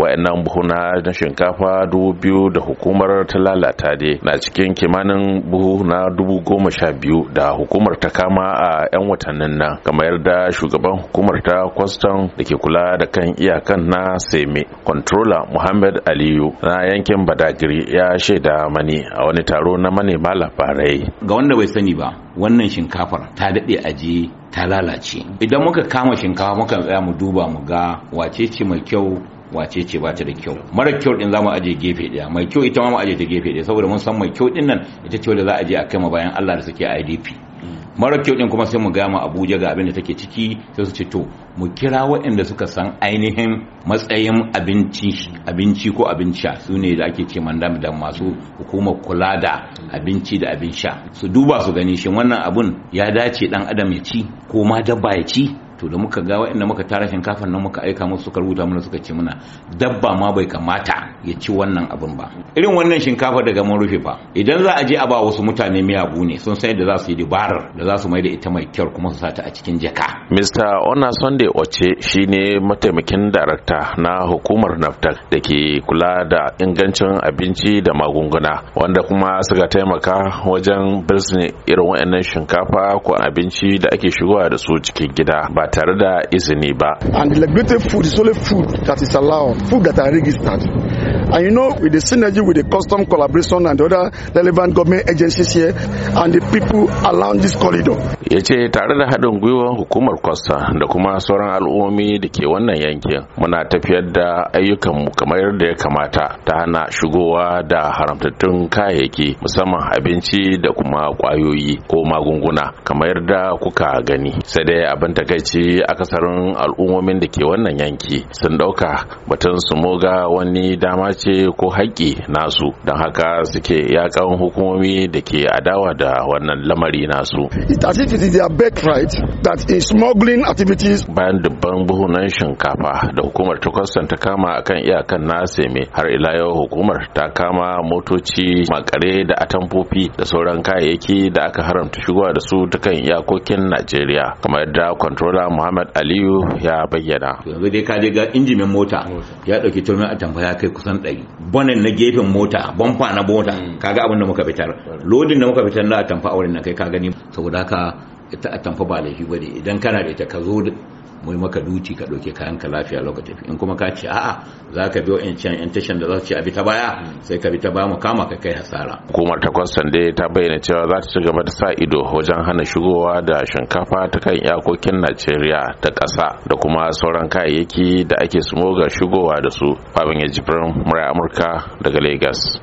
wayannan buhuna na shinkafa dubu biyu da hukumar ta lalata dai na cikin kimanin buhu na dubu goma sha biyu da hukumar ta kama a 'yan watannin nan kamar da shugaban hukumar ta kwastan da ke kula da kan iyakan na seme controller muhammad aliyu na yankin badagiri ya shaida mani a wani taro na manema labarai ga wanda bai sani ba wannan shinkafar ta daɗe aji ta lalace idan muka kama shinkafa muka tsaya mu duba mu ga wace ce mai kyau wace ce bata da kyau mara kyau din zamu aje gefe daya mai kyau ita ma mu aje ta gefe daya saboda mun san mai kyau din nan ita ce wanda za a je a kai ma bayan Allah da suke IDP mara kyau din kuma sai mu mu Abuja ga abin da take ciki sai su ce to mu kira waɗanda suka san ainihin matsayin abinci abinci ko abin sha su ne da ake ce mandam da masu hukumar kula da abinci da abin sha su duba su gani shin wannan abun ya dace dan adam ya ci ko ma dabba ya ci to da muka ga waɗanda muka tara shinkafar nan muka aika musu suka rubuta mana suka ce mana dabba ma bai kamata ya ci wannan abin ba irin wannan shinkafa daga mun rufe ba idan za a je a ba wasu mutane miyagu ne sun sai da za su yi dabarar da za su mai da ita mai kyau kuma su sata a cikin jaka Mr. Ona Sunday oche shine mataimakin darakta na hukumar NAFTAC da ke kula da ingancin abinci da magunguna wanda kuma suka taimaka wajen birnin irin waɗannan shinkafa ko abinci da ake shigowa da su cikin gida ba tare da izini ba and the food is only food that is allowed food that are registered And you know, with the synergy with the custom collaboration and the other relevant government agencies here and the people around this corridor. Ya tare da haɗin gwiwar hukumar Costa da kuma sauran al'ummomi da ke wannan yankin muna tafiyar da ayyukanmu kamar yadda ya kamata ta hana shigowa da haramtattun kayayyaki musamman abinci da kuma kwayoyi ko magunguna kamar yadda kuka gani sai dai abin takaici akasarin al'ummomin da ke wannan yanki sun ɗauka batun su moga wani dama ce ko haƙƙi nasu don haka suke yakan hukumomi da ke adawa da wannan lamari nasu bayan dubban buhunan shinkafa da hukumar ta kwastan ta kama akan iyakan mai har ila yau hukumar ta kama motoci makare da atamfofi da sauran kayayyaki da aka haramta shigowa da su ta kan iyakokin najeriya kamar da controller muhammad aliyu ya bayyana yanzu dai ka ga injimin mota ya ɗauki turmin atamfa ya kai kusan ɗari bonin na gefen mota bamfa na mota hmm. kaga abin da muka fitar lodin da muka fitar na tamfa auren na kai ka gani saboda haka ita a tamfa ba laifi bane idan kana da ita ka zo mai maka duti ka ɗauke kayanka lafiya lokacin in kuma ka ce a'a za ka biyo in can intention tashan da za ce a bi ta baya sai ka bi ta baya mu kama ka kai hasara hukumar ta kwastan dai ta bayyana cewa za ta ci gaba da sa ido wajen hana shigowa da shinkafa ta kan iyakokin najeriya ta ƙasa da kuma sauran kayayyaki da ake ga shigowa da su babin ya jibrin murai amurka daga lagos